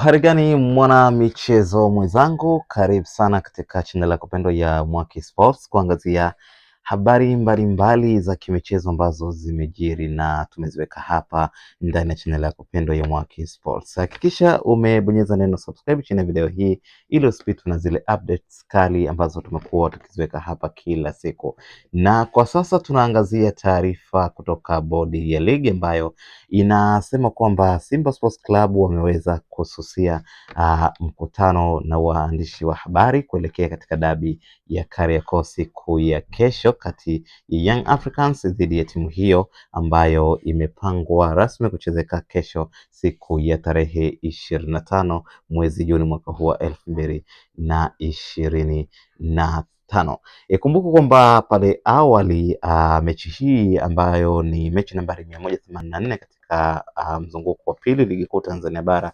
Uharigani mwana michezo mwenzangu, karibu sana katika chinela yako ya Mwaki Sports kuangazia habari mbalimbali za kimichezo ambazo zimejiri na tumeziweka hapa ndani ya chaneli yako pendwa ya Mwaki Sports. Hakikisha umebonyeza neno subscribe chini ya video hii ili usipitwe na zile updates kali ambazo tumekuwa tukiziweka hapa kila siku. Na kwa sasa tunaangazia taarifa kutoka bodi ya ligi ambayo inasema kwamba Simba Sports Club wameweza kususia uh, mkutano na waandishi wa habari kuelekea katika dabi ya Kariakoo siku ya kesho mwisho kati ya Young Africans dhidi ya timu hiyo ambayo imepangwa rasmi kuchezeka kesho siku ya tarehe ishirini na tano mwezi Juni mwaka huu wa elfu mbili na ishirini na tano. Ikumbuke kwamba pale awali uh, mechi hii ambayo ni mechi nambari mia moja themanini na nne katika katika uh, mzunguko wa pili ligi kuu Tanzania bara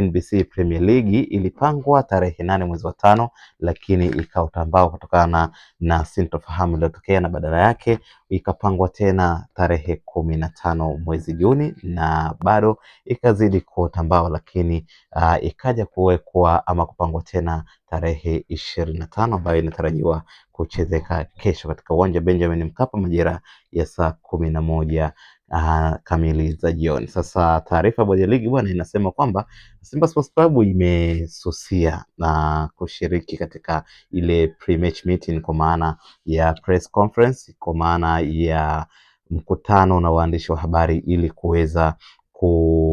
NBC Premier League ilipangwa tarehe nane mwezi wa tano, lakini ikautambao kutokana na, na sintofahamu iliyotokea na badala yake ikapangwa tena tarehe kumi na tano mwezi Juni na bado ikazidi kuota lakini uh, ikaja kuwekwa ama kupangwa tena tarehe ishirini na tano ambayo inatarajiwa kuchezeka kesho katika uwanja Benjamin Mkapa majira ya saa kumi na moja uh, ah, kamili za jioni. Sasa taarifa ya ligi bwana inasema kwamba Simba Sports Club imesusia na kushiriki katika ile pre-match meeting kwa maana ya press conference, kwa maana ya mkutano na waandishi wa habari ili kuweza ku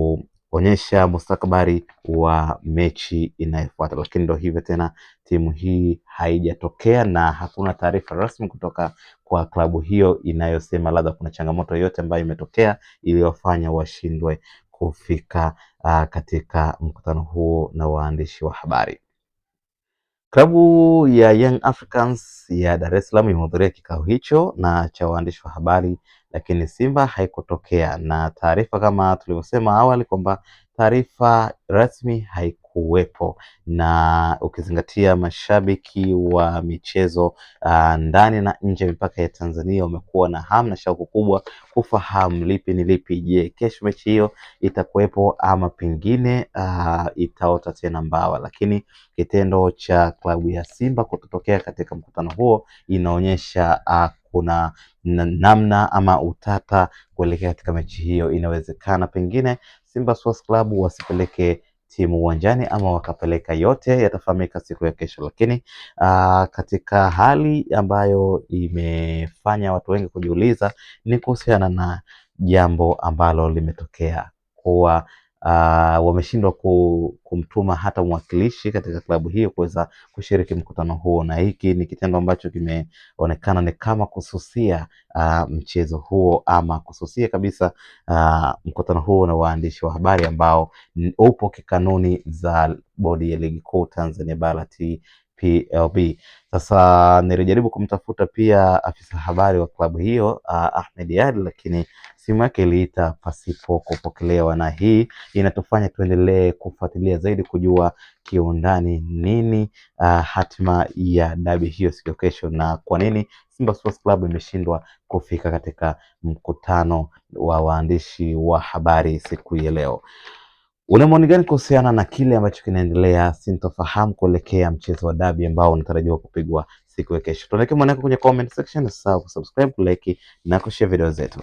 kuonyesha mustakabali wa mechi inayofuata. Lakini ndo hivyo tena, timu hii haijatokea na hakuna taarifa rasmi kutoka kwa klabu hiyo inayosema labda kuna changamoto yoyote ambayo imetokea iliyofanya washindwe kufika uh, katika mkutano huo na waandishi wa habari. Klabu ya Young Africans ya Dar es Salaam imehudhuria kikao hicho na cha waandishi wa habari lakini Simba haikutokea, na taarifa kama tulivyosema awali kwamba taarifa rasmi haiku kuwepo, na ukizingatia mashabiki wa michezo uh, ndani na nje ya mipaka ya Tanzania wamekuwa na hamu na shauku kubwa kufahamu lipi ni lipi. Je, kesho mechi hiyo itakuwepo ama pengine uh, itaota tena mbawa? Lakini kitendo cha klabu ya Simba kutotokea katika mkutano huo inaonyesha uh, kuna namna ama utata kuelekea katika mechi hiyo. Inawezekana pengine Simba Sports Club wasipeleke timu uwanjani ama wakapeleka, yote yatafahamika siku ya kesho. Lakini aa, katika hali ambayo imefanya watu wengi kujiuliza ni kuhusiana na jambo ambalo limetokea kuwa uh, wameshindwa kumtuma hata mwakilishi katika klabu hiyo kuweza kushiriki mkutano huo, na hiki ni kitendo ambacho kimeonekana ni kama kususia uh, mchezo huo ama kususia kabisa uh, mkutano huo na waandishi wa habari ambao upo kikanuni za bodi ya ligi kuu Tanzania bara PLB. Sasa nilijaribu kumtafuta pia afisa habari wa klabu hiyo Ahmed Ally, lakini simu yake iliita pasipo kupokelewa, na hii inatufanya tuendelee kufuatilia zaidi kujua kiundani nini uh, hatima ya dabi hiyo siku ya kesho na kwa nini Simba Sports Club imeshindwa kufika katika mkutano wa waandishi wa habari siku ya leo. Una maoni gani kuhusiana na kile ambacho kinaendelea sintofahamu kuelekea mchezo wa dabi ambao unatarajiwa kupigwa siku ya kesho? Tuelekee maoni yako kwenye comment section, usisahau kusubscribe, kulike na kushare video zetu.